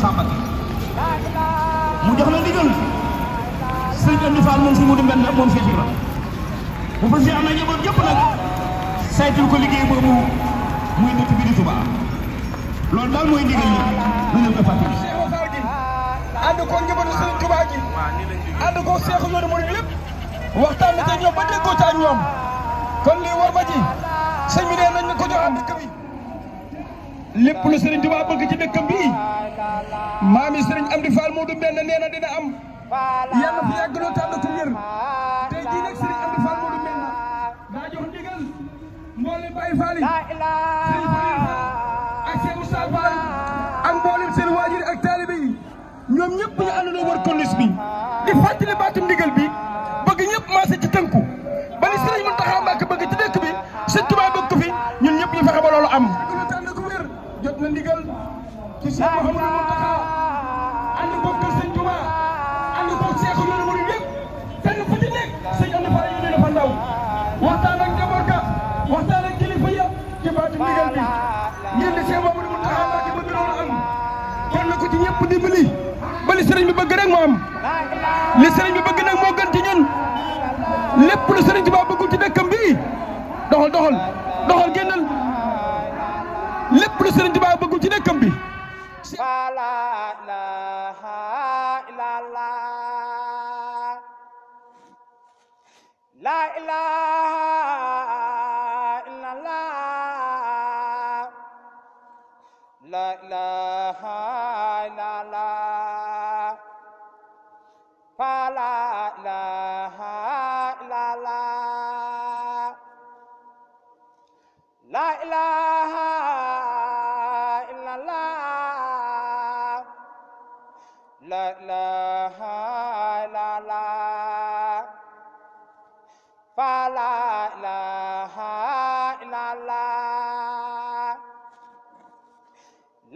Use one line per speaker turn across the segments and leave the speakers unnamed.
Samba
mu jox la ndigal
sëñ Amdi Fall moom si mu di mbenn moom si Ibra bu fa si am na njaboot yëpp nag saytul ko liggéey boobu muy dëkk bi di Touba loolu daal mooy ndigal yi ñu ne ko fàttali. ànd ko njabootu sëñ Touba ji ànd ko seexu yoonu murid lépp waxtaan bi te ñoom ba déggoo ca ak ñoom kon lii war ba ji sëñ bi nee nañ ko jox dëkk bi. lépp lu Serigne Touba bëgg ci dëkkam bii maami Serigne Amdi Fall Modou Mbène nee na dina am yàlla fi yàgg loo tànn ci yër
tey jii nag Serigne Amdi Fall Modou Mbène
daa jox ndigal mboolem Baye Fall yi ak seen Moussa Fall ak mboolem seen waajur ak taalibe yi ñoom ñëpp ñu àndandoo war corniche bi Cheikh Mouhamadou Mountakha ànd ko kër sëñ Touba ànd ko Cheikh yoonu Mouride yëpp fenn fu ci nekk sëñ Amady Fara yónnee na fa ndaw waxtaan ak njaboot ga waxtaan ak kilifa yëpp ci baatu ndigal bi di Cheikh Mouhamadou Mountakha Mbacké bëgg loolu am kon na ko ci ñëpp dimbali ba li bëgg rek moo am li sëriñ bi bëgg nag moo gën ci ñun lépp lu sëriñ Touba bëggul ci dëkkam bi doxal
ilaha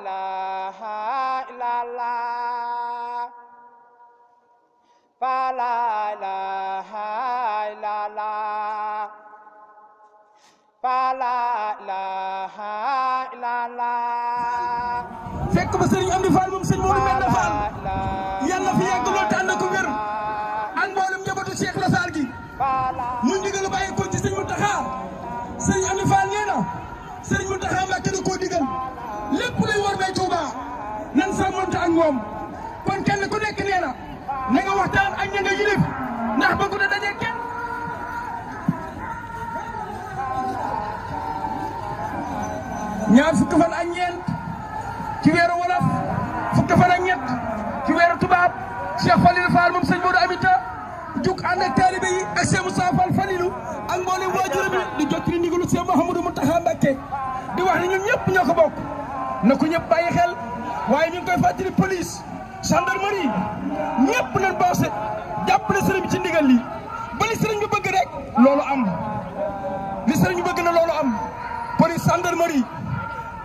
ilaha illallah fa la ilaha illallah fa la ilaha illallah fekk ba Serigne Amdi Fall moom Serigne Modou Mbenda Fall yàlla fi yàgg
lool ñoom nekk nee na na nga waxtaan ak ñaar fukki fan ak ñeent ci weeru fukki fan ak ñett ci tubaab Cheikh Falilou Fall moom sëñ Modou Amita juk ànd ak taalibe yi ak Cheikh Moussa Fall Falilou ak mboolem waajuram yi di jottali ndigalu Cheikh Mouhamadou Mountakha Mbacké di wax ne ñun ñëpp ñoo bokk na ko ñëpp koy fàttali police gendarmerie ñëpp nañ boose jàppale sëriñ bi ci ndigal li ba li sëriñ bi bëgg rek loolu am li sëriñ bi bëgg na loolu am police gendarmerie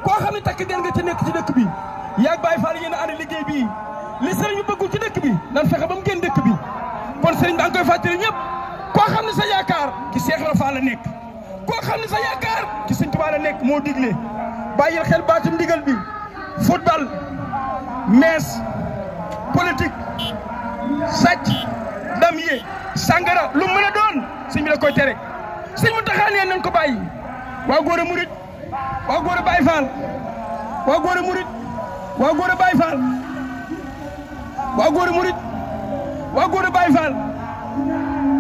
koo xam ne takk den ci nekk ci dëkk bi yaag Baay Faal yéen a ànd liggéey bii li sëriñ bi bëggul ci dëkk bi nan fexe ba mu génn dëkk bi kon sëriñ bi a ngi koy fàttali ñëpp koo xam ne sa yaakaar ci Seex Ibra la nekk koo xam ne sa yaakaar ci Sëriñ Tuubaa la nekk moo digle bàyyil xel baatum ndigal bi football mees politique sàcc damier sàngara lu mën a doon sëñ koy tere sëñ mu taxaanee nañ ko bàyyi waa góor a murit waa góor a Baay Faal waa góor a murit waa góor a Faal waa góor a murit waa góor a Baay Faal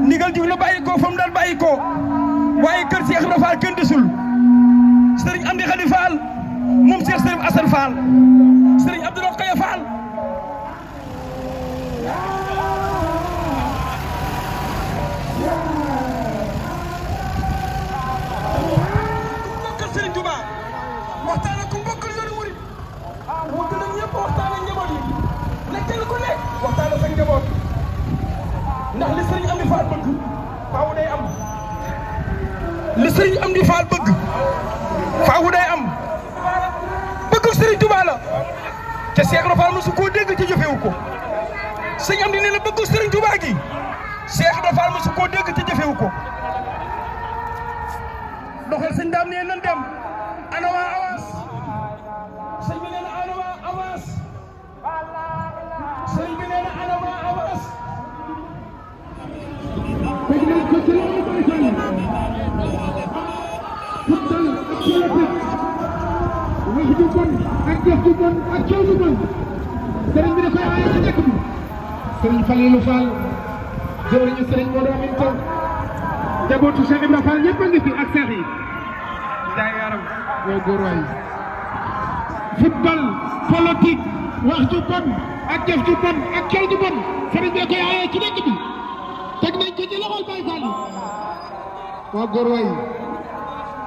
ndigal jug la bàyyi ko fa mu daan bàyyi ko waaye Faal kenn desul sëriñ Amdi Xadi Faal sëriñ am di faal bëgg faawu day am bëgg sëriñ Tuubaa la te Cheikh Ibra Fall mosu koo dégg te jëfewu ko sëñ am di ne la bëgg sëriñ Tuubaa gi Cheikh Ibra Fall mosu koo dégg te jëfewu ko doxal sëñ daam ne nan dem ana waa bon ak jëf ju bon ak coow lu bon sëriñ bi da koy aaye ci dëkk bi sëriñ Falilou Fall
jëwriñu sëriñ Modou Amin Taw
jabootu Cheikh Ibrahima Fall ñëpp a ngi fi ak seex yi daa yaram woo góor waay football politique wax ju bon ak jëf ju bon ak coow ju bon sëriñ bi da koy aaye ci dëkk bi teg nañ ko ci loxol Baye Fall woo góor waay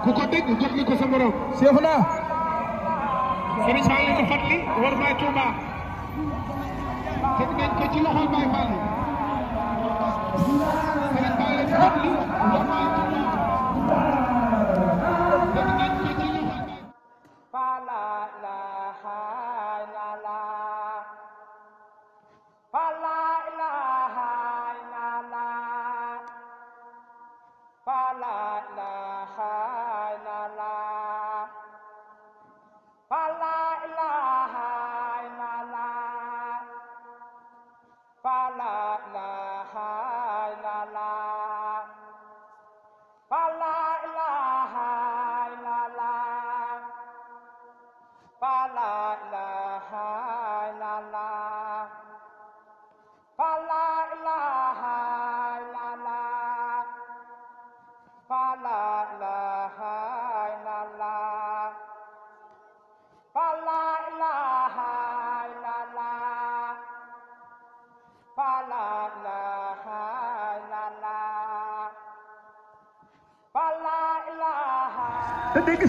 ku ko dégg jot nga ko sa morom. Cheikhouna
Serigne Saliou Fatli war Baay Touba teg nañ ko ci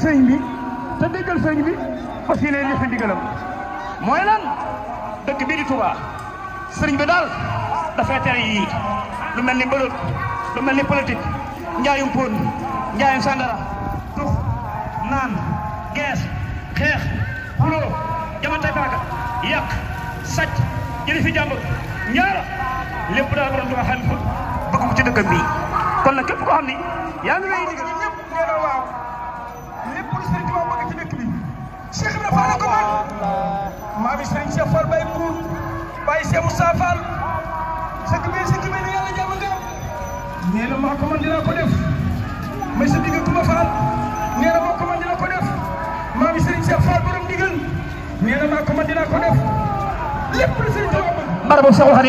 sëñ bi te déggal sëñ bi fas yéene jëfe ndigalam mooy lan dëkk bii di Touba sëriñ bi daal dafay tere yii lu mel ni bëlët lu mel ni politique njaayum póon njaayum sàndara tux naan gees xeex xuloo jamantay paaka yàq sàcc jëli fi jàmbur lépp daal borom Touba xam bëgg ko ci dëkkam bii kon nag képp koo xam ni yaa ngi lay digal ñëpp nee na waaw jàppale Serigne Touba bëgg ci dëkk bi Cheikh Ibra Fall ko man maami Serigne Cheikh Fall na maa ko man dinaa ko def may sa digg Touba Fall nee na maa ko def maami Serigne Cheikh Fall borom ndigal nee na maa ko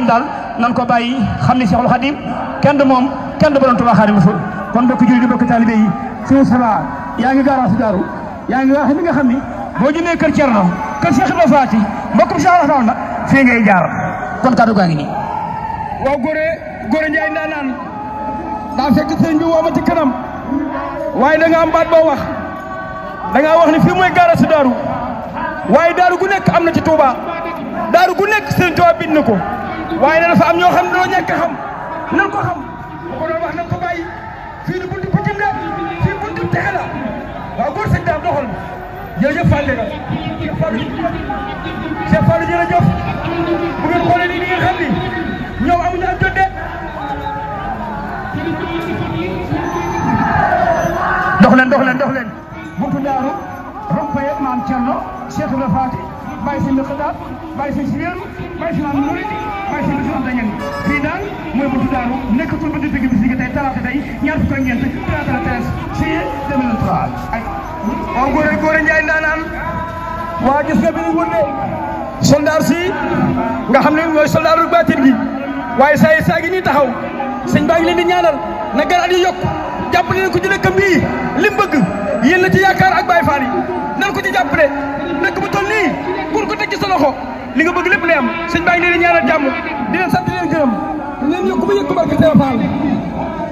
daal nan ko bàyyi xam ne Cheikhul Khadim kenn du moom kenn du borom Touba Khadim Rasul kon mbokk jullit yi mbokk taalibe yi suñu yaa ngi garage daaru yaa ngi garage bi nga xam ni boo jëmee kër Thierno kër Cheikh Ibrahima Faati mbokkum Cheikh Ibrahima nag fii ngay jaar kon kaddu gaa ngi nii. waaw Gore Gore Ndiaye naan naan daa fekk sëñ bi woo ma ci kanam waaye da nga am baat boo wax da ngaa wax ni fii mooy garage daaru waaye daaru gu nekk am na ci Touba daaru gu nekk sëñ Touba bind na ko waaye dafa am ñoo xam ne doo ñàkk xam nan ko xam ko doon wax nan ko bàyyi fii ni buntu pëccëm la fii buntu texe la doxul jërëjëf Fallé nga Cheikh Fallou Cheikh Fallou jërëjëf bu ngeen xoolee nii di ngeen xam ni ñoom amuñu am jot de dox leen dox leen dox leen buntu daaru rompe maam Thierno Cheikh Ibrahima Fati bàyyi seen xataab bàyyi seen si weeru bàyyi seen am si am dañeen fii daal mooy buntu daaru nekkatul ba dëgg bis ni tey talaata tey ñaar fukk ak ñeent Njaay ndaanaan waa gis nga bi ñu wënde soldaar si nga xam ne mooy soldaaru baatin gi waaye saa yi saa ngi nii taxaw sëñ baa ngi leen di ñaanal na garaat yi yokk jàpp leen ko jëlee kam bii li mu yéen la ci yaakaar ak Baye Fall yi nan ko ci jàppale dëkk bu toll nii pour ko teg ci sa loxo li nga bëgg lépp lay am sëñ baa ngi leen di ñaanal jàmm di leen sant di leen gërëm ba yëg ko barke Baye Fall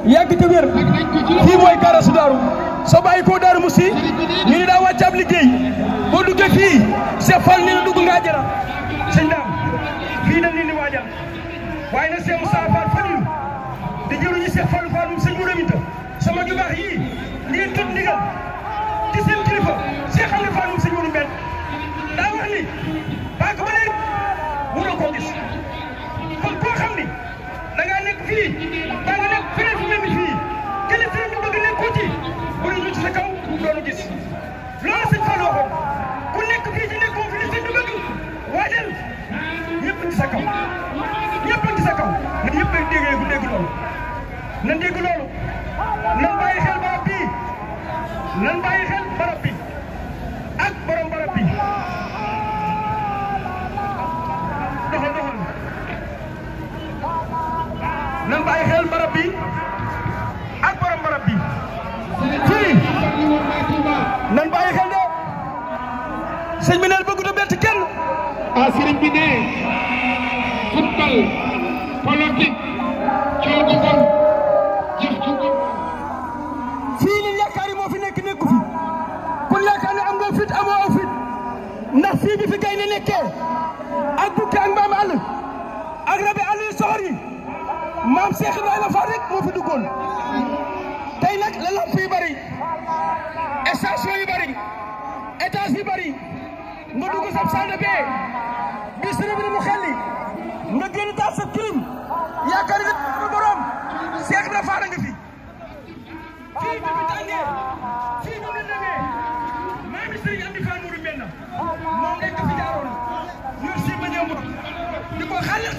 yàgg te wér fii mooy Kara Soudarou soo bàyyi koo Daaru Musi ñu ni daa wàcc ab liggéey boo duggee fii Cheikh Fall nee na dugg ngaa jara sëñ daam fii dañ leen di waajal waaye nag Cheikh Moussa Fall di jëluñu Cheikh Fall Fall moom sëñ mu rëminta sama ju baax yii ngeen di seen kilifa Cheikh Aliou Fall moom sëñ Modou Mbène daa wax ni paaka ba léegi mënoo koo gis kon koo xam ni da ngaa nekk fii da nga fii kële sëriñ bi bëgg nekk ko ci bu ñu ci kaw doonu gis loolu sëñ Fall waxoon ku nekk fii ci nekkoon fi li sëñ bi bëgg waajal ñëpp ci sa kaw ñëpp ci sa kaw na ñëpp ay déggee ku dégg loolu na dégg loolu na bàyyi xel ba nan bàyyi xel barab bi ak borom barab bi doxal doxal nan bàyyi xel barab bi bi fii nan bàyyi xel Sall bee bis rëbb mu xelli nga génn taal sa kilim yaakaar nga ne borom Cheikh Ibra Fall nga fi fii bi mu tàngee fii bi mu nëbee maam Serigne Amdi Fall Mourou Mbène moom rek nga fi jaaroon ñu si ma ñëw di ko xàllal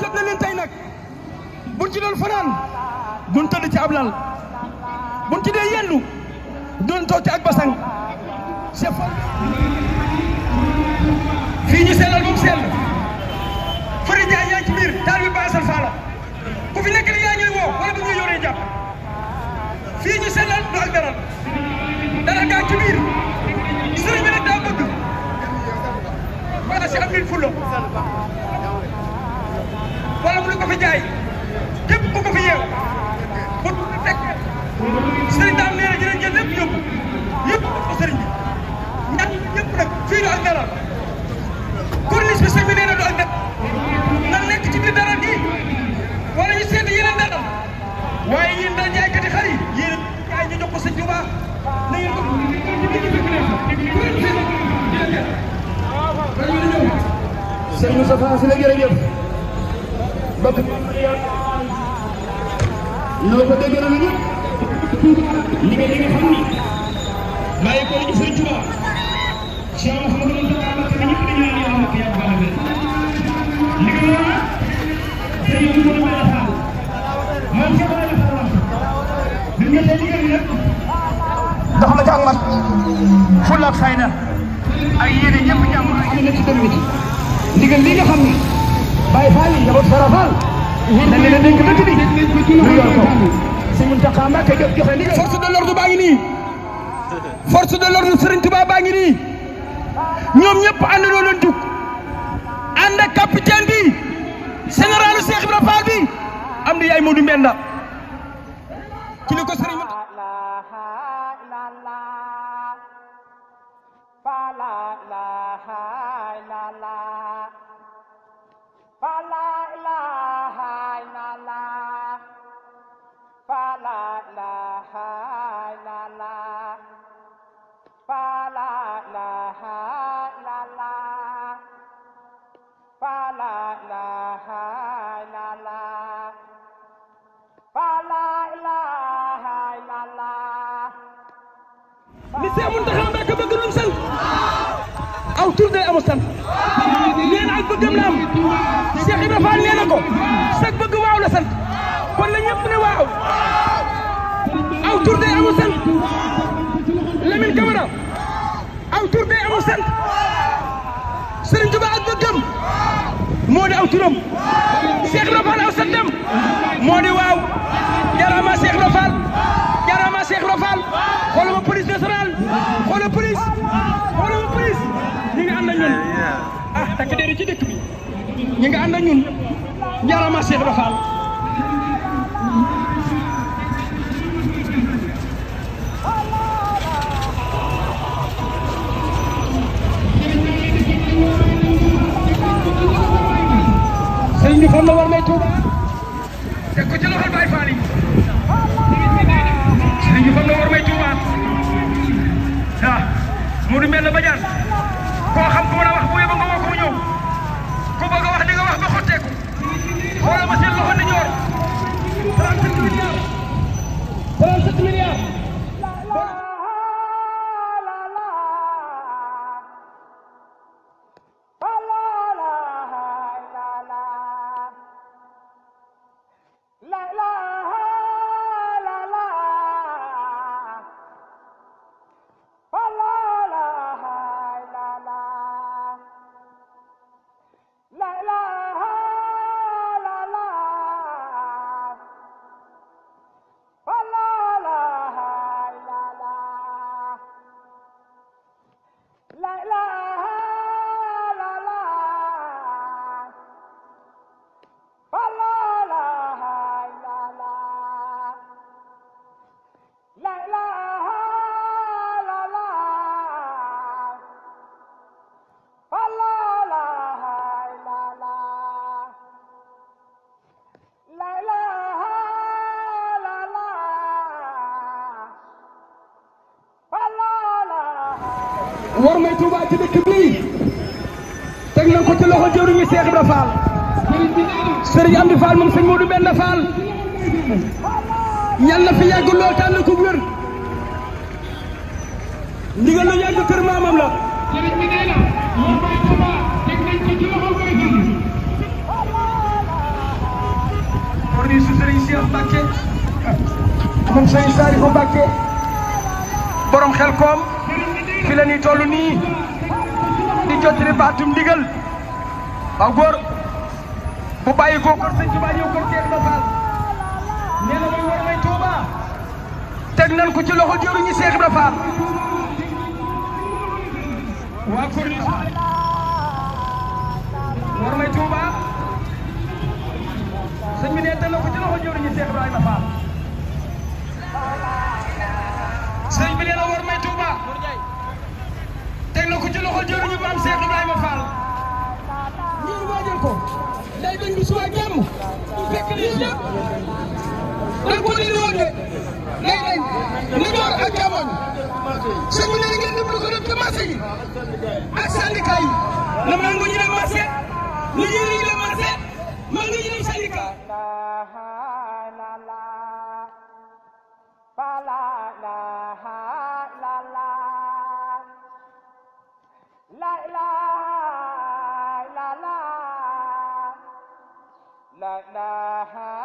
tëb na leen tey nag buñ ci doon fanaan duñ tëdd ci ab lal buñ ci dee yendu duñ toog ci ak basang c'est fii ñu sellal moom sell Fary Ndiaye yaa ngi ci biir taal bi baasal faala ku fi nekk ni yaa ñuy woo wala bu ñuy yoree jàpp fii ñu sellal du ak dara dara gaa ci biir sëriñ bi nag daa bëgg wala si am nit fulla fi jaay képp ku ko fi yeew bu teg sëriñ daal nee na dinañ jël lépp yóbbu yëpp ko sëriñ bi ñett ñëpp nag fii du ak dara corniche bi sëñ bi nee na du ak dara na nekk ci biir dara nii wala ñu seet yeneen dara waaye yéen daal jaaykati xar yi yéen jaay ñu jox ko sëñ Tuubaa na ngeen ko sëñ Moustapha si la jërëjëf bokk noo ko dégg na ñu li nga dégg xam ni bàyyi ko ñu sëñ Tuba Cheikh Mouhamadou Moustapha Mbacké ni ñëpp dañu naan yàlla ko yàlla baax na li nga wax te yow ñu ko mën a taal man ci wala fa wax bi nga te liggéey nag dox na ci ak mat fulla ak fayda ay yéene ñëpp jàmm am na ci dëgg ndigal li nga xam ni Baye Fall yi njaboot Sara Fall. si Mountakha Mbacké jox joxe baa ngi nii force de l'ordre Serigne baa ngi nii ñoom ñëpp ànd loo leen jug ànd ak capitaine bi généralu Cheikh Ibrahima bi am di yaay Modou Mbenda ko Serigne
la li see
Muntaxa Mbàkke bëgg lu mu sant aw tur day amu sant nee na ak bëggam la am Cheikh Ibra Fall nee na ko sag bëgg waaw la sant kon la ñëpp ne waaw aw tur day amul sant Lamine Camara aw tur day amul aw turam Cheikh Ibra Fall aw santam moo di waaw jaraama Cheikh
ñi nga ànd ak ñun
jaarama Cheikh Ibra Fall sëriñ bi fan la war may tuub teg ko ci loxol Baay Faal yi sëriñ bi fan la war may tuubaat ah Modou Mbène Badiane koo xam war may Touba ci dëkk bii teg nañ ko ci loxo jëwriñu Cheikh Ibra Fall Serigne Amdi Fall moom sëñ Modou Benn Fall na fi yàgg lool tànn ko la yàgg kër maamam la Serigne bi nee na war may borom xel fi la ñuy toll nii di jottali baatum ndigal waaw góor bu bàyyi ko kër sëñ Tuubaa ñëw na muy war may Tuuba ci loxo jëruñu Cheikh Ibra Fall war may Tuuba teg na ko ci loxo jëruñu Cheikh bi nee na war teg na ko ci loxo jëriñu maam Cheikh Ibrahima Fall ñun waajal ko day bañ bu suba jàmm bu fekk lii lépp dañ ko dindi woon de day dañ ni door ak jamoñ suñu ne ngeen def lu ko def ci marché yi ak syndicat yi na mangu ñu dem marché ñu yëri ñu dem marché mangu ñu dem syndicat la
la la la la la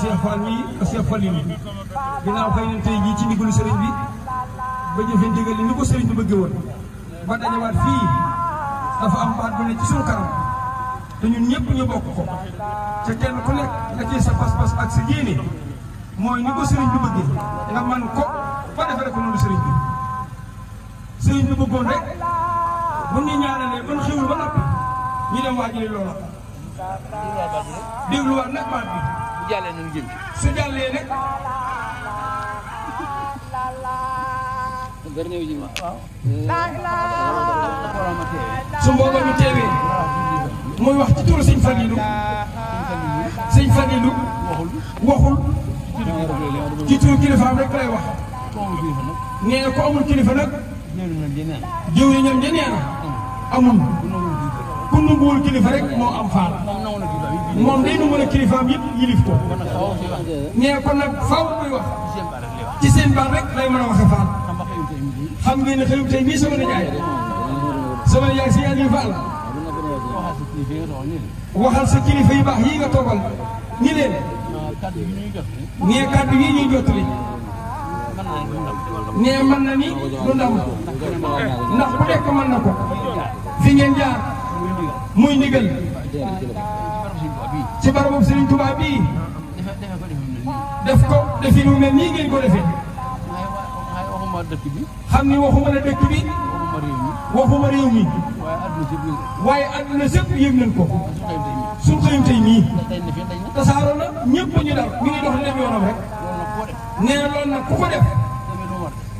Cheikh Fall mii ak Cheikh Fall yi
ginnaaw xëy na tey jii ci ndigalu sëriñ bi ba jëfe ndigal li ni ko sëriñ bi bëgge woon ba dajawaat fii dafa am baat bu ne ci suñu kanam te ñun ñëpp ñu bokk ko ca kenn ku nekk la ci sa pas-pas ak sa yéene mooy ni ko sëriñ bi bëgge nga man ko ba defee ko noonu sëriñ bi sëriñ bi bëggoon rek bu ñu ñaanalee ba xewul ba noppi ñu dem waajali loola dégluwaat nag baat bi jàllee nañ jëm ci. su jàllee nag. bernew ji ma waaw.
su mbooloo mi teewee.
mooy wax ci turu sëñ Fadilou. sëñ Fadilou. waxul waxul. ci turu kilifaam rek lay wax. nee na ko amul kilifa nag. jëw ñoom ñeneen. amul. ku nanguwul kilifa rek moo am faal. moom day nu mën a kilifaam yëpp yilif ko nee kon nag faaw muy wax ci seen baat rek lay mën a waxe faal xam ngeen ne xëyum tey nii sama nijaay sama nijaay si Aliou Fall waxal sa kilifa yu baax yi nga toogal ñi leen nee kàddu yi ñuy jottali na ni du ndam ndax ku nekk mën na ko fi ngeen jaar muy ndigal
ci barabu Serigne Touba bii.
def ko defi lu mel nii ngeen ko defee. bi. xam ni waxuma la dëkk bi. waxuma réew mi. waaye àdduna sépp yëg ko. suñ xëyum tey nii. tasaaroo na ñëpp ñu dal mi ngi dox def yoonam rek. nee na loolu nag ku ko def.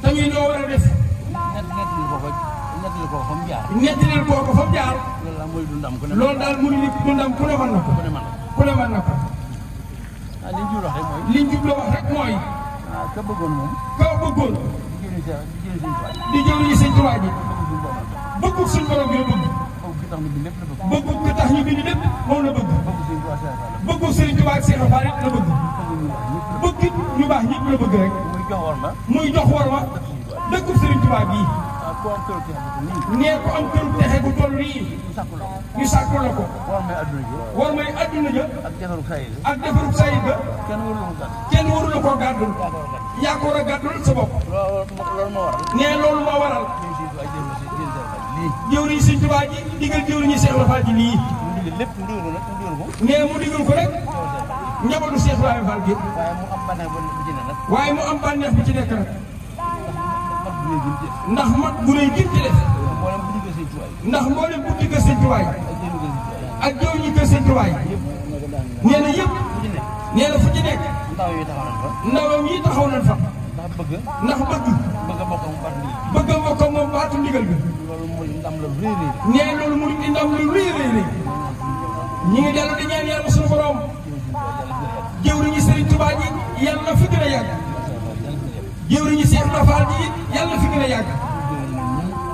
tamit loo war a def. nettali kooku fa mu jaar. nettali kooku fa mu jaar. loolu daal ne mën ku ne mën na ko. ah li ñu jublu wax rek mooy. li ñu jublu wax rek mooy. ah bëggoon moom. ka bëggoon. di jëriñu seen tubaab yi. bëggul suñu borom yoo bëggul ko tax ñu bind lépp moom la bëgg. bëggul Sëriñ Tuubaa ak Seex Ibra Faal la bëgg. bëgg ñu baax ñëpp la bëgg rek. muy jox war ma. muy jox war ma dëkkub nee ko am këru texe gu toll nii. ñu sàkku la ko. war
may
adduna jë. war ak defaru sayid. ak defaru kenn waru la ko gàddul. kenn waru la ko a gàddul sa bopp.
loolu moo waral. nee loolu
moo waral. jëwriñ Sëñ Tuubaa ji digal jëwriñu Seex Ibra Faal ji lii. lépp ndigal ko nag ndigal ko. nee mu digal ko rek. njabootu Seex Ibra Faal gi. waaye mu am bànneex bu ci nekk mu ci nekk ndax mag bu rëy gi ci def ndax mboolem bu digg sëñ Tuwaay ak jëw ñi kër sëñ Tuwaay nee na yëpp nee na fu yi taxaw nañ fa ndax bëgg ndax bëgg bëgg a bokk moom baatu ndigal bi nee loolu mu di ndam lu ñu ngi dellu di ñaan yàlla suñu borom jëw riñu sëriñ Tuubaa ji yàlla na fi gën a jëwriñu Cheikh Nafaal ji yàlla fi gën a yàgg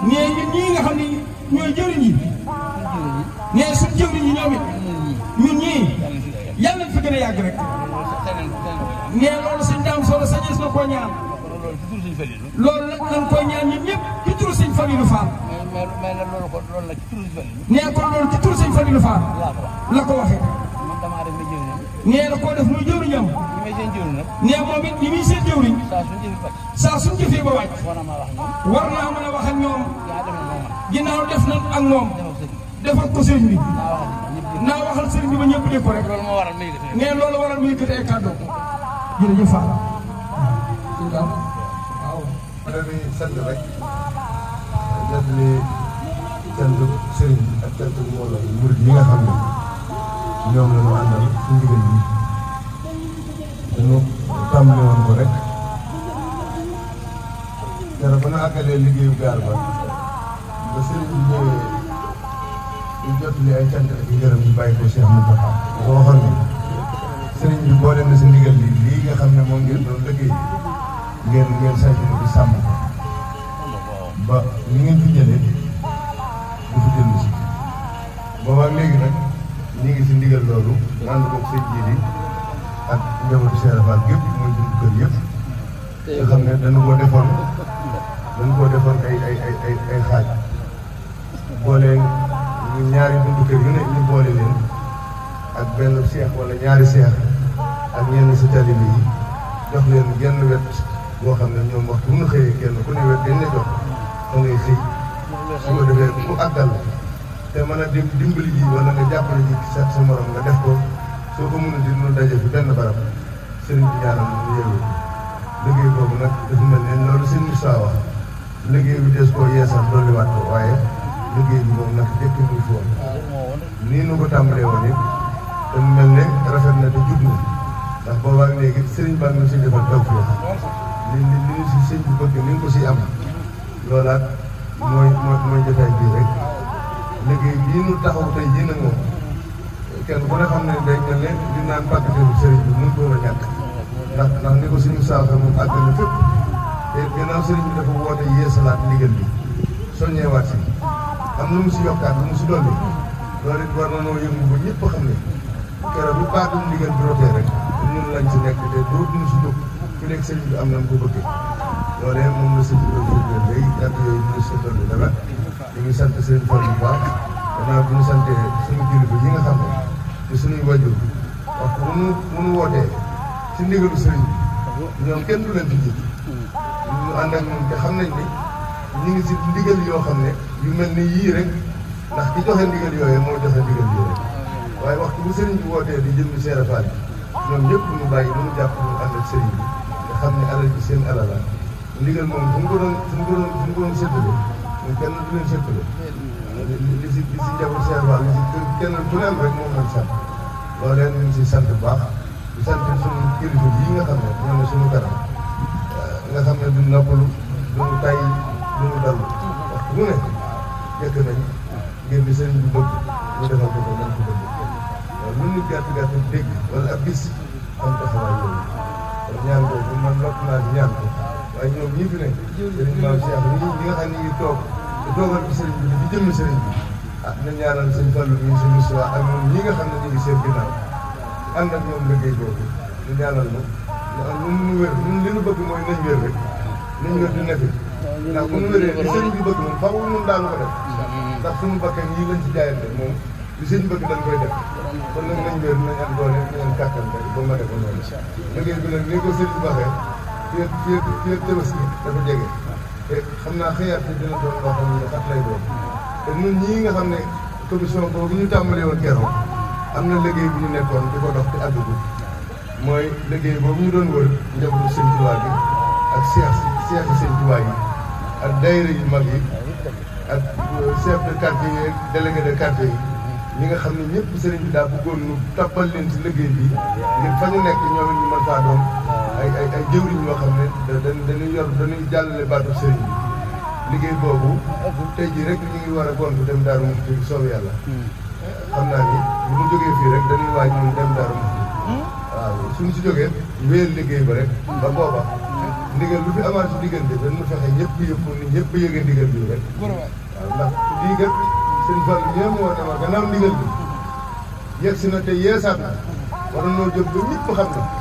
nee ñun ñii nga xam ne ñooy jëwriñ yi nee suñ jëwriñ yi ñoom it ñun ñii yàlla fi gën a yàgg rek nee loolu sëñ daam solo sañees na koo ñaan loolu nag dañ koy ñaan ñun ñëpp ci turu sëñ Falilou Fall nee kon loolu ci turu sëñ Falilou Fall la ko waxee nee na koo def muy jëwriñam. nee moom it li muy seen jëwriñ. saa suñ jëfee ba wàcc. war naa mën a wax a ñoom. ginnaaw def nañ ak moom. defal ko sëriñ bi. naa waxal sëriñ bi ba ñëpp dégg ko rek. nee loolu waral muy yëkkati ay kàddu. jërëjëf Fall.
waaw. ma leen di sant rek. jàpp ne cant sëriñ ak cant mbooloo yi murid yi nga xam ne. ñoom la ñu àndal ci ndigal bi dañu tàmbali woon ko rek dara ba na àggalee liggéeyu gaar ba ba sëriñ bi ñëwee ñu jot ay cant ak ngërëm yu bàyyi ko Cheikh Moustapha boo waxoon ni sëriñ bi boole na si ndigal bi lii nga xam ne moom ngeen doon liggéey ngeen ngeen saytu ko di sàmm ba li ngeen fi jëlee mu ànd si sëñ Jili ak njabootu Cheikh Ibra Fall gépp mooy suñu kër yëpp. nga xam ne dañu ko defoon dañu ko defoon ay ay ay ay xaaj. boole ñu ñaari buntu kër yu ne ñu boole leen ak benn seex wala ñaari seex ak ñenn si taalibe yi jox leen genn wet boo xam ne ñoom waxtu bu ñu xëyee kenn ku ne wet dañ la jox da ngay xëy su ko defee ku àggal te mën a dimbali ji wala nga jàppale ji sa sa morom nga def ko. soo ko mënul di nu daje fi benn barab sëriñ bi ñaanal mu yeewu liggéey boobu nag dafa mel ne loolu sëriñ Moussa wax liggéey bi des koo yeesal dolliwaat ko waaye liggéey bi moom nag jëkk muy nu ko tàmbalee woon it te mu mel ne rafet na te jub na ndax boobaag léegi sëriñ baa ngi si defal taw fii li li li ñu si sëñ bi bëgg ni nga ko si am loolaat mooy mooy mooy jotaay bii rek liggéey bii nu taxaw tey jii nag moom kenn ku ne xam ne day mel ne li naan pàccetu sëriñ bi mënut woon a ñàkk ndax ndax ni ko suñu saafara moom àgg na fépp te gannaaw sëriñ bi dafa woote yeesalaat ndigal si am mu si yokkaat lu si dolli loolu it war na noo yëngu ba ñëpp xam ne keroog bu baatum ndigal bi rotee rek ñun si nekk te dootuñu si jóg ku bi am na mu ko bëggee loolee moom la sëñ bi doon firndeel léegi kàddu yooyu ñu si ñu ngi sant sëriñ Fall bu bi ñu yi nga xam ne di suñuy wajur wax bu nu bu nu wootee ci ndigalu sëriñ bi ñoom kenn du leen fi jiitu ñu ànd ak ñoom te xam nañ ni ñu ngi si ndigal yoo xam ne yu mel ni yii rek ndax ki joxe ndigal yooyu moo joxe ndigal yooyu waaye waxtu bu sëriñ bi wootee di jënd seere faat bi ñoom ñëpp ñu bàyyi ba mu jàpp ñu ànd ak sëriñ bi xam ne alal bi seen alal la ndigal moom fu mu ko doon mu ko doon fu mu kenn du leen séddale li li si li si jaww seen wàll li si kenn ku leen rek moom lañ sant loolu leen si sant bu baax di sant suñu kilifa yi nga xam ne ñoo ne suñu kanam nga xam ne duñ noppalu bi bëgg ñu defal ko ko nañ ñaan boobu man nopp naa si ñaan ko waaye ñoom ñii fi nga xam ne ñu toog doogal bi sëriñ bi di fi jëmm sëriñ bi ah na ñaanal sëñ Fallou bi sëñ Moustapha ak ñoom ñi nga xam ne ñu ngi seen ginnaaw ànd ak ñoom liggéey boobu ñu ñaanal ma ndax ñun ñu wér ñun ñu bëgg mooy nañ wér rek nañ wér di nekk ndax bu ñu wéree li def ndax suñu bakkan yi lañ ci jaayante moom li sëriñ bëgg dañ koy def kon nag nañ wér nañ am doole nañ am kàttan rek ba ma defoon loolu liggéey bi nag ni ko sëriñ bi waxee fii fii fii tabaski dafa jege te xam naa xëyaat bi dina doon xam ne sax doon te ñun ñii nga xam ne commission boobu ñu tàmbali woon keroog am na léegi bu ñu nekkoon di ko dox te àggagul mooy liggéey boobu ñu doon wër njabootu sëñ Tuubaa bi ak seex seex sëñ Tuubaa yi ak daayira yu mag yi ak euh, chef de quartier yi ak délégué de yi ñi nga xam ne ñëpp sëriñ bi daa bëggoon ñu tappal leen ci liggéey bi ngir fa nekk ñoom ñu mën faa doon ay ay jëwriñ yoo xam ne da dañuy yor dañuy jàllale baatu sëriñ liggéey boobu tey jii rek ñu ngi war a gontu dem Daaru Muxti bi soobu yàlla xam naa ni bu ñu jógee fii rek dañuy waaj dem Daaru Muxti waaw suñu si jógee wéyal liggéey ba rek ba booba ndigal lu fi amaat si diggante dañ mu fexe ñëpp yëpp ni ñëpp yëge ndigal bi rek waaw ndax lii kat sëñ Fall bi yegg si na te yeesaat na war nañoo jëm ba ñëpp xam na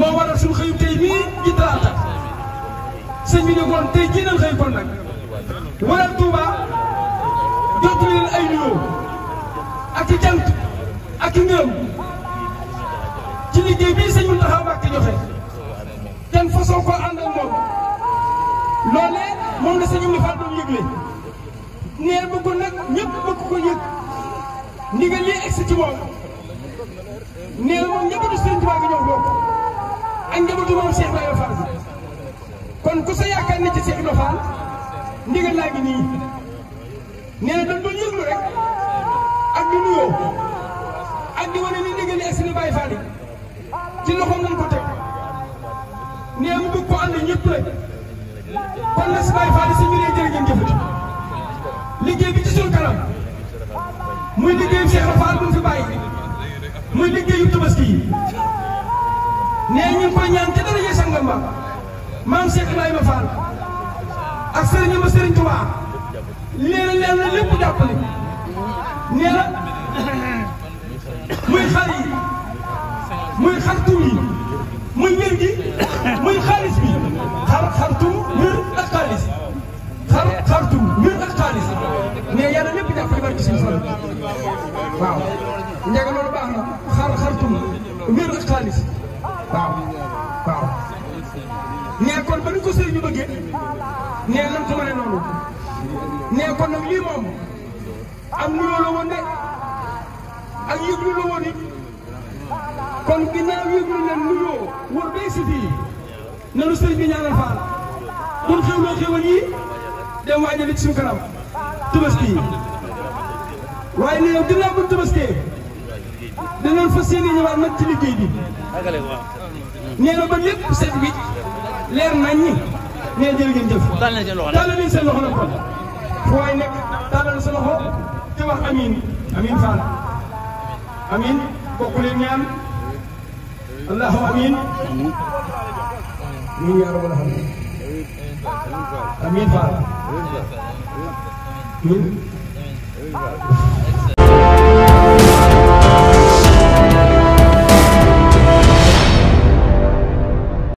moo waral suñu xëyu tey mii di talaata sëñ bi ne kon tey jii nañ xëy kon nag waral Touba jot leen ay nuyoo ak i cant ak i ngërëm ci liggéey bii sëñ Mountakha Mbacké joxe ten façon koo ànd moom loolee moom la sëñ Oumy Fall doon yëgle nee bëggoon nag ñëpp bëgg ko yëg ndigal lii egsi ci moom nee na moom du sëñ Touba gi ñoo bokk ak njabootu moom Cheikh Ibrahima Fall kon ku sa yaakaar ne ci Cheikh Ibrahima Fall ndigal laa ngi nii nee na doon doon yëglu rek ak di nuyoo ak di wane ni ndigal ne seen Baye Fall yi ci loxoom lañ ko teg nee mu bëgg ko ànd ñëpp la si Baye Fall si ñu nee jërë ngeen liggéey bi ci kanam muy liggéeyu Cheikh Ibrahima Fall bu mu fi bàyyi muy liggéeyu tabaski yi. nee ñu ngi koy ñaan te dara sangam ba maam Cheikh Ibrahima Fall ak sëriñ ma sëriñ Touba léeg-léeg leen na lépp jàppale nee na muy xar yi muy xartum yi muy wér muy xaalis bi xar xartum wér ak xaalis xar xartum wér ak xaalis nee yàlla lépp waaw njëga loolu baax na xar xartum wér ak xaalis waaw waaw nee kon ba nu ko sëriñ bi bëggee nee nan ko mënee noonu nee kon nag lii moom am lu la woon de ak yëg la woon it kon ginnaaw yëg lu leen nuyoo wër bay si fii nanu sëriñ bi ñaanal faal bun xewloo xewal yi dem waajal ci suñu kanam tabaski waaye nee yow ginnaaw bu tabaskee dinañ fas yéene ñëwaat nag ci liggéey bi
nee na ba lépp set bi
leer nañ ñi nee jërë ngeen jëf. tàllal seen loxo tàllal leen seen loxo nag kon fu waay nekk tàllal sa amin amin amin bokk amin ñun